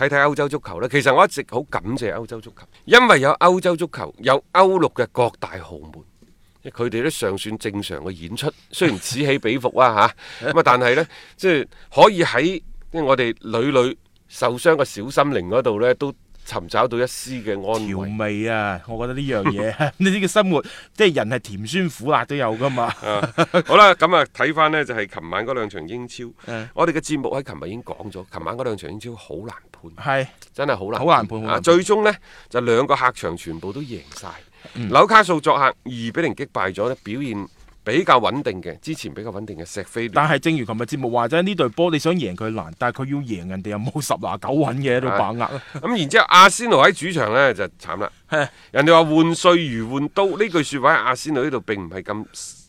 睇睇歐洲足球咧，其實我一直好感謝歐洲足球，因為有歐洲足球，有歐陸嘅各大豪門，佢哋都尚算正常嘅演出，雖然此起彼伏啦嚇，咁 啊，但係呢，即係可以喺即係我哋屢屢受傷嘅小心靈嗰度呢，都。尋找到一絲嘅安慰，調味啊！我覺得呢樣嘢，呢啲嘅生活，即係人係甜酸苦辣都有噶嘛。 啊、好啦，咁啊睇翻呢就係、是、琴晚嗰兩場英超，的我哋嘅節目喺琴日已經講咗，琴晚嗰兩場英超好難判，係的真係好難，好難判，難判，難判啊！最終呢，就兩個客場全部都贏晒。紐、嗯、卡素作客二比零擊敗咗咧，表現。比較穩定嘅，之前比較穩定嘅石飛。但係正如琴日節目話齋，呢隊波你想贏佢難，但係佢要贏人哋又冇十拿九穩嘅喺度把握咁，啊嗯，然之後阿仙奴喺主場呢就慘啦， 人哋話換帥如換刀呢句說話，阿仙奴呢度並唔係咁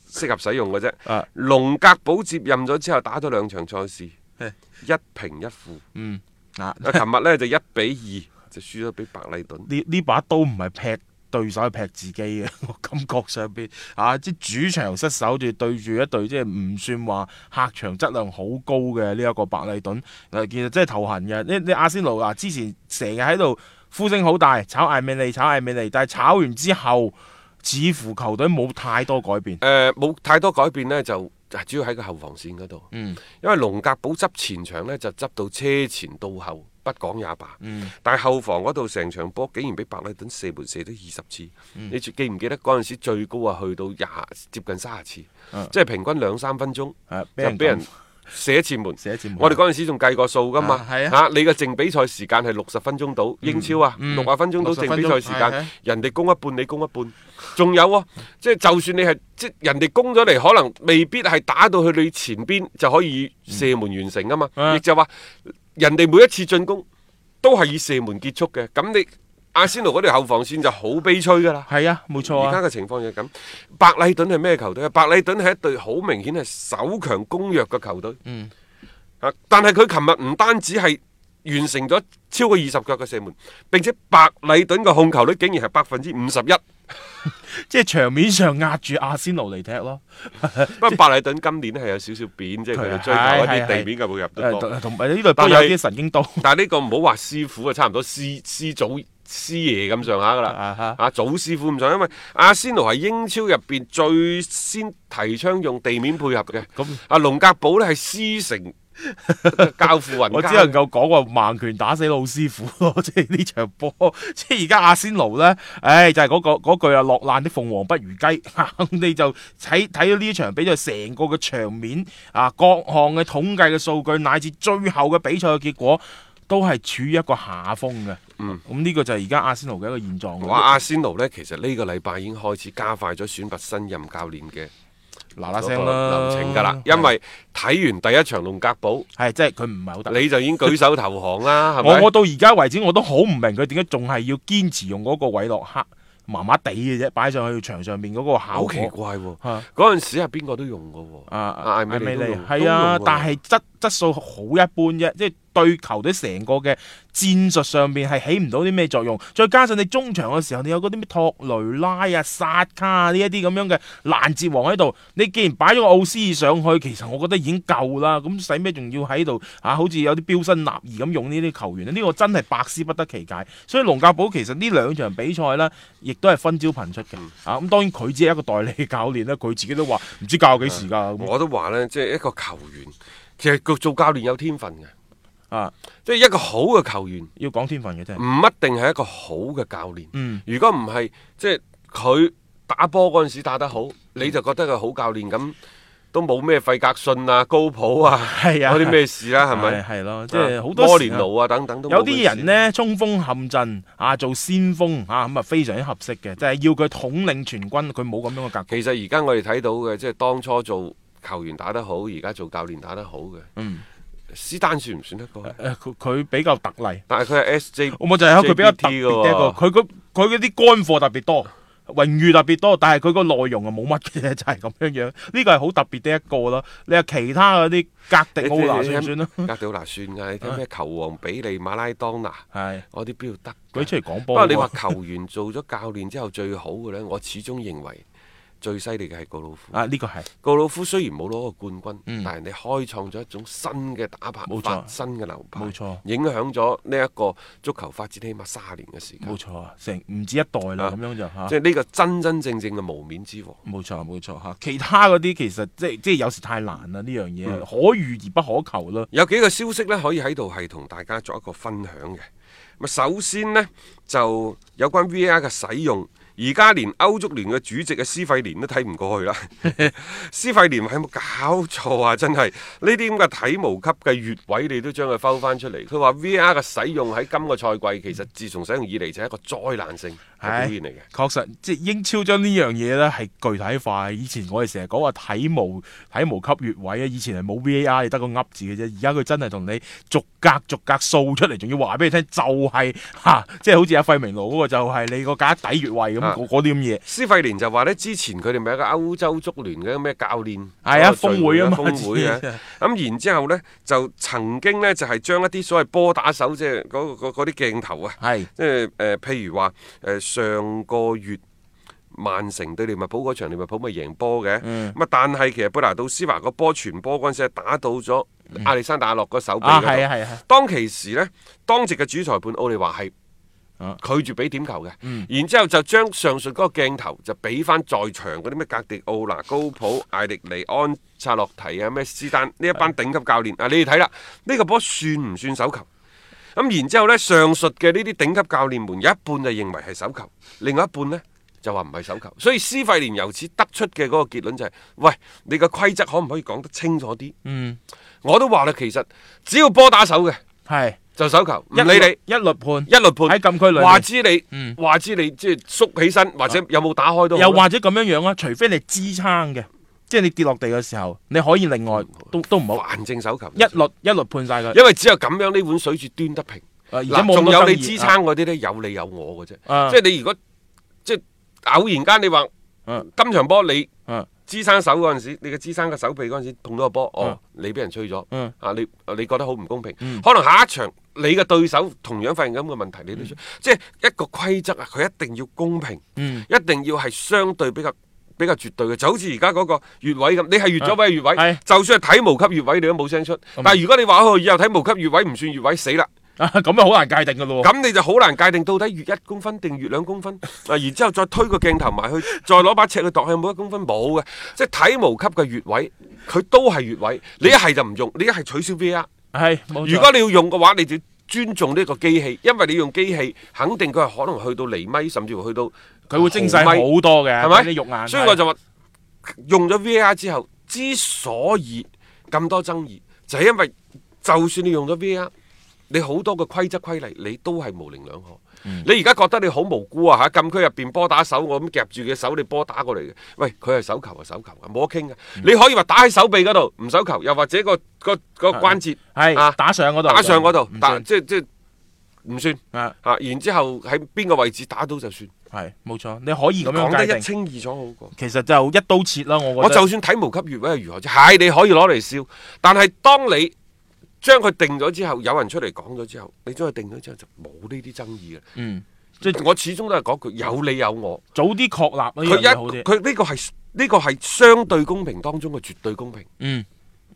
適合使用嘅啫。 啊、龍格堡接任咗之後，打咗兩場賽事， 啊、一平一負。嗯，啊，琴日呢就一比二就輸咗俾白禮頓。呢呢把刀唔係劈。對手劈自己嘅，我感覺上邊啊，即主場失手，住對住一隊即係唔算話客場質量好高嘅呢一個白利頓，其實真係頭痕嘅。呢阿仙奴嗱、啊，之前成日喺度呼聲好大，炒艾美利，炒艾美利，但係炒完之後似乎球隊冇太多改變。誒、呃，冇太多改變呢，就主要喺個後防線嗰度。嗯，因為龍格堡執前場呢，就執到車前到後，不講也罷，嗯、但係後防嗰度成場波竟然俾白禮頓射門射咗二十次，嗯、你記唔記得嗰陣時最高啊去到廿接近三十次？啊、即係平均兩三分鐘、啊、就俾人。啊 射一次門，門我哋嗰陣時仲計過數噶嘛？吓、啊啊啊，你嘅淨比賽時間係六十分鐘到，嗯、英超啊六十、嗯、分鐘到淨比賽時間，嗯嗯、人哋攻一半，你攻一半，仲 有啊，即、就、係、是、就算你係即、就是、人哋攻咗嚟，可能未必係打到去你前邊就可以射門完成噶嘛，亦、嗯、就話、嗯嗯、人哋每一次進攻都係以射門結束嘅，咁你。阿仙奴嗰條後防線就好悲催噶啦，係啊，冇錯啊。而家嘅情況就咁，白禮頓係咩球隊啊？白禮頓係一隊好明顯係守強攻弱嘅球隊。嗯，啊，但係佢琴日唔單止係完成咗超過二十腳嘅射門，並且白禮頓嘅控球率竟然係百分之五十一，即係 場面上壓住阿仙奴嚟踢咯。不 過白禮頓今年咧係有少少扁，即係佢哋追求一啲地面嘅配合都多，同埋呢度都有啲神經刀。但係呢個唔好話師傅啊，差唔多師師祖。 師爺咁上下㗎喇，啊、uh！Huh. 祖師傅唔同，因為阿仙奴係英超入邊最先提倡用地面配合嘅。咁阿、嗯嗯啊、龍格堡呢係師承 教父雲加。我只能夠講話盲拳打死老師傅咯，即係呢場波，即係而家阿仙奴呢，唉、哎，就係、是、嗰、那個、句啊，落難的鳳凰不如雞。我 哋就睇睇到呢場比賽成個嘅場面啊，各項嘅統計嘅數據，乃至最後嘅比賽嘅結果，都係處於一個下風嘅。嗯，咁呢個就係而家阿仙奴嘅一個現狀。哇，阿仙奴呢，其實呢個禮拜已經開始加快咗選拔新任教練嘅嗱嗱聲啦流程噶啦，因為睇完第一場龍格堡，係即係佢唔係好得，你就已經舉手投降啦，係咪？我我到而家為止，我都好唔明佢點解仲係要堅持用嗰個韋洛克，麻麻地嘅啫，擺上去場上面嗰個好奇怪喎。嗰陣時係邊個都用噶喎。艾米利係啊，但係質素好一般啫，即係對球隊成個嘅戰術上邊係起唔到啲咩作用。再加上你中場嘅時候，你有嗰啲咩托雷拉啊、薩卡啊呢一啲咁樣嘅攔截王喺度，你既然擺咗個奧斯爾上去，其實我覺得已經夠啦。咁使咩仲要喺度啊？好似有啲標新立異咁用呢啲球員呢？呢、呢個真係百思不得其解。所以龍教寶其實呢兩場比賽呢，亦都係分招頻出嘅。啊，咁、嗯嗯嗯、當然佢只係一個代理教練啦，佢自己都話唔知教幾時噶。我都話呢，即、就、係、是、一個球員。其實做做教練有天分嘅，啊，即係一個好嘅球員要講天分嘅啫，唔一定係一個好嘅教練。嗯、如果唔係，即係佢打波嗰陣時打得好，嗯、你就覺得佢好教練咁，都冇咩費格遜啊、高普啊，嗰啲咩事啦，係咪？係咯，即係好多，多年老啊，等等都有。有啲人呢，衝鋒陷陣啊，做先鋒啊，咁啊非常之合適嘅，就係、是、要佢統領全軍，佢冇咁樣嘅格局。其實而家我哋睇到嘅，即係當初做。球員打得好，而家做教練打得好嘅。嗯，斯丹算唔算得個？佢佢比較特例，但係佢係 S J。我咪就係佢比較特嘅，佢佢嗰啲乾貨特別多，榮譽特別多，但係佢個內容啊冇乜嘅，就係咁樣樣。呢個係好特別的一個咯。你話其他嗰啲格迪奧納算算咯？格迪奧納算噶，你聽咩球王比利馬拉當拿，係我啲彪得。佢出嚟講波啊！不過你話球員做咗教練之後最好嘅咧，我始終認為。最犀利嘅係高老夫。啊！呢、這個係高老夫雖然冇攞過冠軍，嗯、但係你開創咗一種新嘅打法，冇錯，新嘅流派，樓盤，冇錯，影響咗呢一個足球發展，起碼三十年嘅時間。冇錯啊，成唔止一代啦，咁、啊、樣就、啊、即係呢個真真正正嘅無冕之王。冇錯，冇錯嚇。其他嗰啲其實即係即係有時太難啦，呢樣嘢可遇而不可求咯。有幾個消息呢，可以喺度係同大家作一個分享嘅。咁首先呢，就有關 VR 嘅使，使用。而家連歐足聯嘅主席嘅施費廉都睇唔過去啦。 施費廉有冇搞錯啊？真係呢啲咁嘅體毛級嘅越位，你都將佢摳返出嚟。佢話 VAR 嘅使用喺今個賽季，其實自從使用以嚟就係一個災難性嘅表現嚟嘅、啊。確實，即係英超將呢樣嘢咧係具體化。以前我哋成日講話體毛、體毛級越位啊，以前係冇 VAR 得個噏字嘅啫。而家佢真係同你逐格逐格掃出嚟，仲要話俾你聽、就是，就係嚇，即係好似阿費明奴嗰、那個，就係、是、你個假底越位咁嗰啲咁嘢，施費廉就話呢，之前佢哋咪有個歐洲足聯嘅咩教練係啊峰會啊峰會啊。咁然之後咧就曾經呢，就係、是、將一啲所謂波打手即係嗰啲鏡頭啊，即係誒，譬如話誒、呃、上個月曼城對利物浦嗰場，利物浦咪贏波嘅，咁啊、嗯、但係其實貝拿度施華個波傳波嗰陣時，打到咗阿里山大洛個手臂，當其時呢，當值嘅主裁判奧利華係。拒絕俾點球嘅，嗯、然之後就將上述嗰個鏡頭就俾翻在場嗰啲咩格迪奧拿、高普、艾迪尼安、查洛提啊、咩斯丹呢一班頂級教練是啊，你哋睇啦，呢、這個波算唔算手球？咁、嗯、然之後呢，上述嘅呢啲頂級教練們有一半就認為係手球，另外一半呢就話唔係手球。所以斯費連由此得出嘅嗰個結論就係、是：，喂，你個規則可唔可以講得清楚啲？嗯，我都話啦，其實只要波打手嘅，係是。是就手球，一你哋一律判，一律判喺禁區裏。話知你，話知你即係縮起身，或者有冇打開都好。又或者咁樣樣啊？除非你支撐嘅，即係你跌落地嘅時候，你可以另外都都唔好硬正手球。一律一律判晒噶，因為只有咁樣呢碗水就端得平。啊，仲有你支撐嗰啲咧，有你有我嘅啫。即係你如果即係偶然間你話，嗯，今場波你，支撐手嗰陣時，你嘅支撐個手臂嗰陣時碰到個波，哦，你俾人吹咗，啊，你，你覺得好唔公平，可能下一場。你嘅對手同樣發現咁嘅問題，你都出，嗯、即係一個規則啊，佢一定要公平，嗯、一定要係相對比較比較絕對嘅，就好似而家嗰個越位咁，你係越咗位，越、啊、位，就算係體毛級越位你都冇聲出，嗯、但係如果你話以後體毛級越位唔算越位，死啦，咁啊好難界定噶咯，咁你就好難界定到底越一公分定越兩公分，公分 然之後再推個鏡頭埋去，再攞把尺去度向每一公分冇嘅，即係體毛級嘅越位，佢都係越位，你一係就唔用，你一係取消 V R。係，如果你要用嘅話，你就尊重呢個機器，因為你用機器，肯定佢係可能去到厘米，甚至乎去到，佢會精細好多嘅，係咪米？你肉眼。所以我就話，用咗 VR 之後，之所以咁多爭議，就係因為就算你用咗 VR。你好多嘅規則規例，你都係模棱兩可。嗯、你而家覺得你好無辜啊嚇！禁區入邊波打手，我咁夾住嘅手，你波打過嚟嘅。喂，佢係手球啊手球啊，冇得傾㗎。啊嗯、你可以話打喺手臂嗰度，唔手球，又或者個個個關節打上嗰度，打上嗰度，打，、啊、打即即唔算啊，然之後喺邊個位置打到就算係冇錯，你可以講得一清二楚好過。其實就一刀切啦，我，我就算睇無級越位係如何啫，係、哎、你可以攞嚟笑，但係當你將佢定咗之後，有人出嚟講咗之後，你將佢定咗之後就冇呢啲爭議嘅。嗯，即係我始終都係講句有你有我，早啲確立佢一佢呢個係呢個係相對公平當中嘅絕對公平。嗯。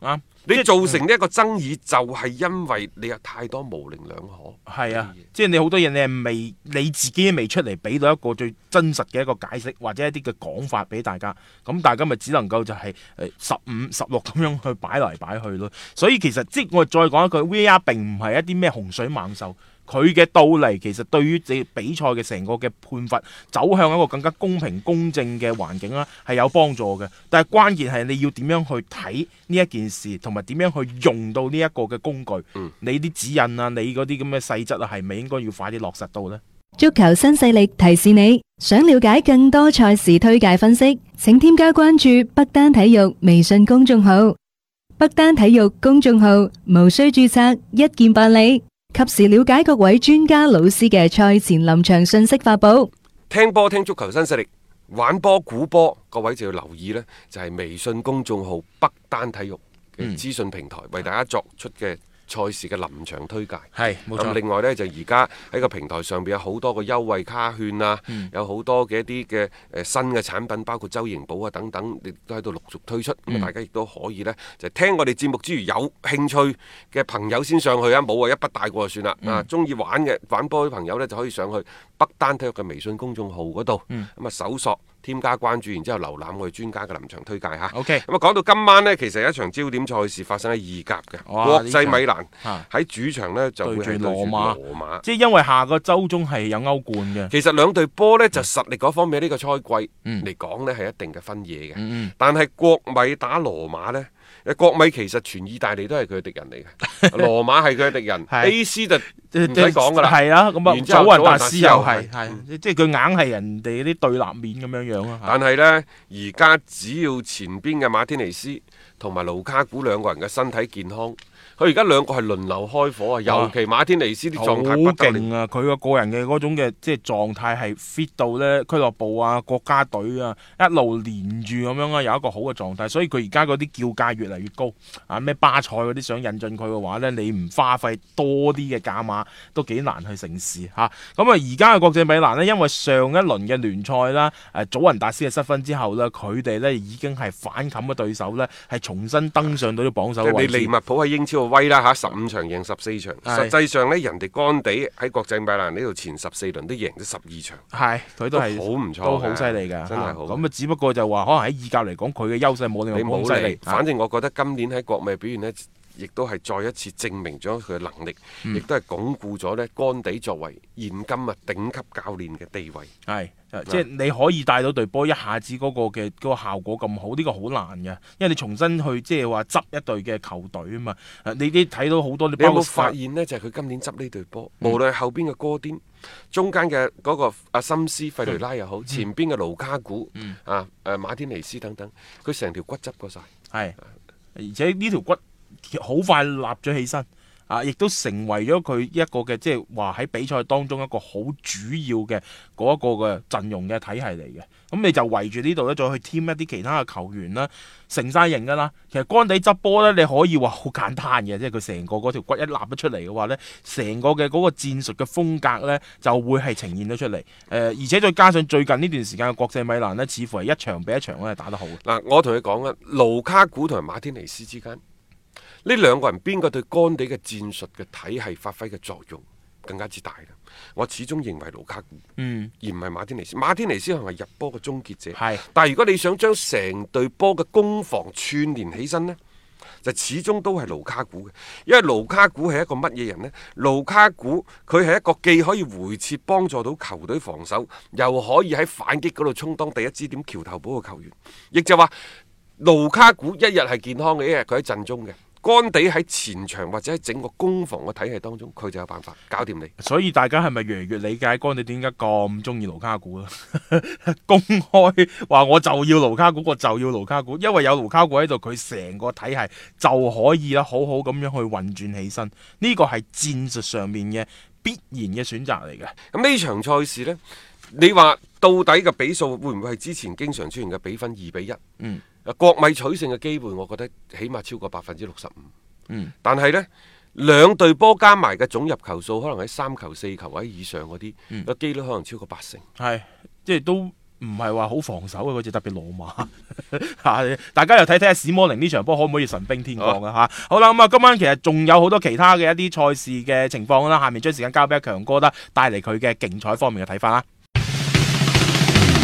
啊！你造成呢一個爭議，就係因為你有太多模棱兩可。係啊，即係你好多嘢，你係未你自己都未出嚟，俾到一個最真實嘅一個解釋，或者一啲嘅講法俾大家。咁大家咪只能夠就係誒十五、十六咁樣去擺嚟擺去咯。所以其實即我再講一句，VR 並唔係一啲咩洪水猛獸。佢嘅到嚟，其實對於你比賽嘅成個嘅判罰走向一個更加公平公正嘅環境啦，係有幫助嘅。但係關鍵係你要點樣去睇呢一件事，同埋點樣去用到呢一個嘅工具。嗯，你啲指引啊，你嗰啲咁嘅細則啊，係咪應該要快啲落實到呢？足球新勢力提示你，想了解更多賽事推介分析，請添加關注北單體育微信公眾號、北單體育公眾號，無需註冊，一鍵辦理。及時了解各位專家老師嘅賽前臨場信息發佈，聽波聽足球新勢力，玩波估波，各位就要留意呢，就係、是、微信公眾號北單體育嘅資訊平台、嗯、為大家作出嘅。賽事嘅臨場推介係冇錯、啊、另外呢，就而家喺個平台上邊有好多個優惠卡券啊，嗯、有好多嘅一啲嘅誒新嘅產品，包括周營保啊等等，亦都喺度陸續推出。咁、嗯、大家亦都可以呢，就聽我哋節目之餘，有興趣嘅朋友先上去啊，冇啊，一筆帶過就算啦。嗯、啊，中意玩嘅玩波嘅朋友呢，就可以上去北單體育嘅微信公眾號嗰度，咁啊搜索。嗯添加關注，然之後瀏覽我哋專家嘅臨場推介嚇。O K，咁啊講到今晚呢，其實有一場焦點賽事發生喺意甲嘅哇國際米蘭喺主場呢、啊、就會對住羅馬。即係因為下個週中係有歐冠嘅。其實兩隊波呢就實力嗰方面、嗯、個呢個賽季嚟講呢係一定嘅分野嘅。嗯嗯、但係國米打羅馬呢。你國米其實全意大利都係佢嘅敵人嚟嘅， 羅馬係佢嘅敵人是，A.C. 就唔使講㗎啦，係啦，咁啊，嗯、然之後祖雲達斯又係，係即係佢硬係人哋啲對立面咁樣樣咯。嗯、但係咧，而家只要前邊嘅馬天尼斯同埋盧卡古兩個人嘅身體健康。佢而家兩個係輪流開火啊！尤其馬天尼斯啲狀態好勁啊！佢個得、啊、個人嘅嗰種嘅即係狀態係 fit 到咧，俱樂部啊、國家隊啊一路連住咁樣啊，有一個好嘅狀態，所以佢而家嗰啲叫價越嚟越高啊！咩巴塞嗰啲想引進佢嘅話咧，你唔花費多啲嘅價碼都幾難去成事嚇。咁啊，而家嘅國際米蘭呢，因為上一輪嘅聯賽啦，誒、啊、祖雲達斯嘅失分之後呢，佢哋咧已經係反冚嘅對手呢，係重新登上到啲榜首位。你利物浦喺英超。威啦嚇，十五場贏十四場。是實際上呢，人哋乾地喺國際米蘭呢度前十四輪都贏咗十二場，係佢都係好唔錯，都是真係好犀利㗎。咁啊，只不過就話可能喺意甲嚟講，佢嘅優勢冇你咁犀利。力是反正我覺得今年喺國米表現呢。亦都係再一次證明咗佢嘅能力，亦都係鞏固咗呢，干地作為現今啊頂級教練嘅地位。係，即係你可以帶到隊波，一下子嗰個嘅嗰個效果咁好，呢個好難嘅，因為你重新去即係話執一隊嘅球隊啊嘛。你你睇到好多，你有冇發現呢？就係佢今年執呢隊波，無論後邊嘅哥丁、中間嘅嗰個阿森斯、費雷拉又好，前邊嘅盧卡古啊、誒馬天尼斯等等，佢成條骨執過晒，係，而且呢條骨。好快立咗起身，啊！亦都成為咗佢一個嘅即係話喺比賽當中一個好主要嘅嗰一個嘅陣容嘅體系嚟嘅。咁、嗯、你就圍住呢度咧，再去添一啲其他嘅球員啦、啊，成晒型噶啦。其實干地執波咧，你可以話好簡單嘅，即係佢成個嗰條骨一立得出嚟嘅話咧，成個嘅嗰個戰術嘅風格咧就會係呈現咗出嚟。誒、呃，而且再加上最近呢段時間嘅國際米蘭呢，似乎係一場比一場咧，打得好。嗱，我同你講啊，盧卡古同馬天尼斯之間。呢兩個人邊個對干地嘅戰術嘅體系發揮嘅作用更加之大啦。我始終認為盧卡古，嗯，而唔係馬天尼斯。馬天尼斯係入波嘅終結者，是但係如果你想將成隊波嘅攻防串聯起身呢，就始終都係盧卡古嘅。因為盧卡古係一個乜嘢人呢？盧卡古佢係一個既可以回撤幫助到球隊防守，又可以喺反擊嗰度充當第一支點橋頭堡嘅球員。亦就話盧卡古一日係健康嘅一日，佢喺陣中嘅。干地喺前場或者喺整個攻防嘅體系當中，佢就有辦法搞掂你。所以大家係咪越嚟越理解干地點解咁中意盧卡古啦？ 公開話我就要盧卡古，我就要盧卡古，因為有盧卡古喺度，佢成個體系就可以啦，好好咁樣去運轉起身。呢個係戰術上面嘅必然嘅選擇嚟嘅。咁呢場賽事呢，你話到底嘅比數會唔會係之前經常出現嘅比分二比一？嗯。啊，國米取勝嘅機會，我覺得起碼超過百分之六十五。嗯，但係呢兩隊波加埋嘅總入球數，可能喺三球四球或以上嗰啲，個機率可能超過八成。係，即係都唔係話好防守嘅嗰隻特別羅馬。大家又睇睇下史摩靈呢場波可唔可以神兵天降啊嚇！好啦，咁啊，今晚其實仲有好多其他嘅一啲賽事嘅情況啦。下面將時間交俾阿強哥得帶嚟佢嘅競彩方面嘅睇法啦。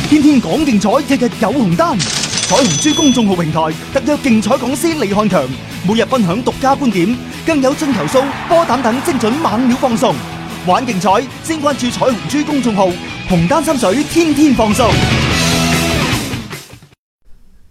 天天講競彩，日日有紅單。彩虹珠公眾號平台特約競彩講師李漢強每日分享獨家觀點，更有進球數、波膽等精準猛料放送。玩競彩，先關注彩虹珠公眾號，紅單心水，天天放送。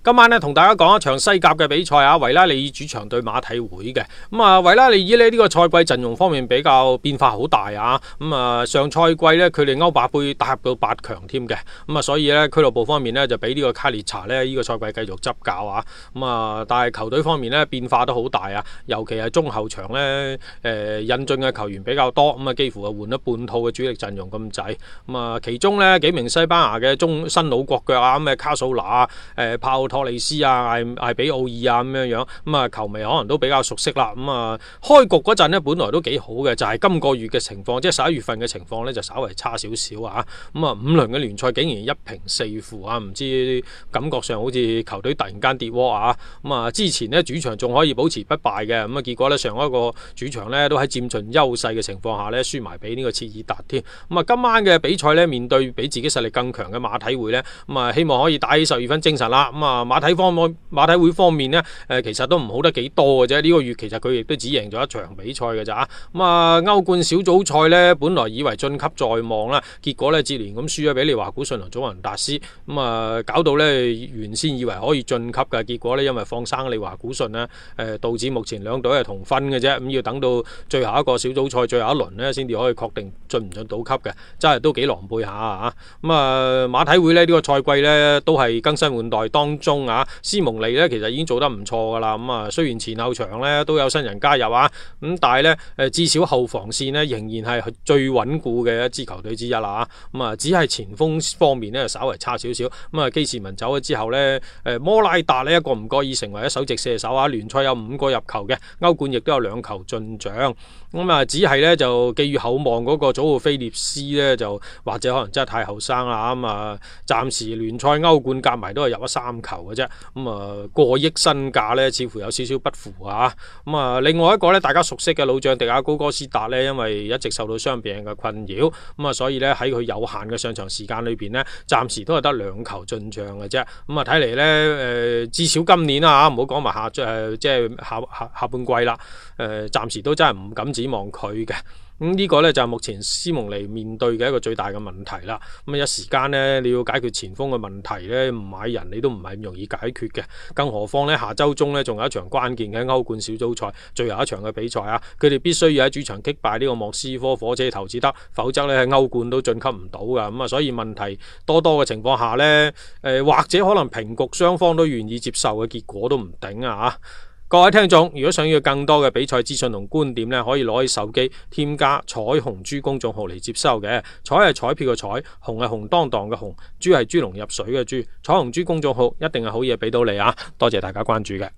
今晚呢，同大家講一場西甲嘅比賽啊，維拉利爾主場對馬體會嘅咁啊，維拉利爾咧呢個賽季陣容方面比較變化好大啊，咁啊上賽季呢，佢哋歐霸杯打入到八強添嘅，咁啊所以呢，俱樂部方面呢，就俾呢個卡列查呢呢個賽季繼續執教啊，咁啊但係球隊方面呢，變化都好大啊，尤其係中後場呢，誒引進嘅球員比較多，咁啊幾乎啊換咗半套嘅主力陣容咁滯，咁啊其中呢，幾名西班牙嘅中新老國腳啊，咩卡素拿啊，誒、啊托里斯啊、艾比奧爾啊咁樣樣，咁、嗯、啊球迷可能都比較熟悉啦。咁、嗯、啊開局嗰陣咧，本來都幾好嘅，就係、是、今個月嘅情況，即係十一月份嘅情況呢，就稍微差少少啊。咁、嗯、啊五輪嘅聯賽竟然一平四負啊，唔知感覺上好似球隊突然間跌鍋啊。咁、嗯、啊之前呢，主場仲可以保持不敗嘅，咁、嗯、啊結果呢，上一個主場呢，都喺佔盡優勢嘅情況下呢，輸埋俾呢個切爾達添。咁、嗯、啊今晚嘅比賽呢，面對比自己實力更強嘅馬體會呢，咁、嗯、啊希望可以打起十二分精神啦。咁、嗯、啊、嗯嗯嗯馬體方面，馬體會方面咧，誒、呃、其實都唔好得幾多嘅啫。呢、這個月其實佢亦都只贏咗一場比賽嘅咋，咁啊歐冠小組賽呢，本來以為進級在望啦，結果呢，接連咁輸咗俾利華古遜同祖雲達斯，咁、嗯、啊搞到呢，原先以為可以進級嘅，結果呢，因為放生利華古遜呢，誒導致目前兩隊係同分嘅啫，咁、嗯、要等到最後一個小組賽最後一輪呢，先至可以確定進唔進到級嘅，真係都幾狼狽下啊！咁啊，啊馬體會呢，呢、這個賽季呢，都係更新換代當中。中啊，斯蒙尼咧，其實已經做得唔錯噶啦。咁、嗯、啊，雖然前後場咧都有新人加入啊，咁、嗯、但係咧，誒，至少後防線咧仍然係最穩固嘅一支球隊之一啦。啊，咁、嗯、啊，只係前鋒方面咧，稍微差少少。咁、嗯、啊，基士文走咗之後咧，誒，摩拉達呢一個唔覺意成為一首席射手啊！聯賽有五個入球嘅，歐冠亦都有兩球進賬。咁、嗯、啊，只係咧就寄予厚望嗰個祖奧菲列斯咧，就或者可能真係太後生啦。咁、嗯、啊，暫時聯賽、歐冠夾埋都係入咗三球。嘅啫，咁啊、嗯、過億身價咧，似乎有少少不符啊，咁、嗯、啊，另外一個咧，大家熟悉嘅老將迪亞高哥斯達咧，因為一直受到傷病嘅困擾，咁、嗯、啊，所以咧喺佢有限嘅上場時間裏邊咧，暫時都係得兩球進賬嘅啫，咁、嗯、啊，睇嚟咧，誒、呃，至少今年啊，唔好講埋下最、呃，即係下下下半季啦，誒、呃，暫時都真係唔敢指望佢嘅。咁呢、嗯呢個呢，就係目前斯蒙尼面對嘅一個最大嘅問題啦。咁、嗯、啊，一時間呢，你要解決前鋒嘅問題呢，唔買人你都唔係咁容易解決嘅。更何況呢，下周中呢，仲有一場關鍵嘅歐冠小組賽，最後一場嘅比賽啊，佢哋必須要喺主場擊敗呢個莫斯科火車頭先得，否則呢，喺歐冠都進級唔到噶。咁、嗯、啊，所以問題多多嘅情況下呢、呃，或者可能平局雙方都願意接受嘅結果都唔頂啊嚇。各位聽眾，如果想要更多嘅比賽資訊同觀點咧，可以攞起手機添加彩虹豬公眾號嚟接收嘅。彩係彩票嘅彩，紅係紅當當嘅紅，豬係豬籠入水嘅豬。彩虹豬公眾號一定係好嘢俾到你啊！多謝大家關注嘅。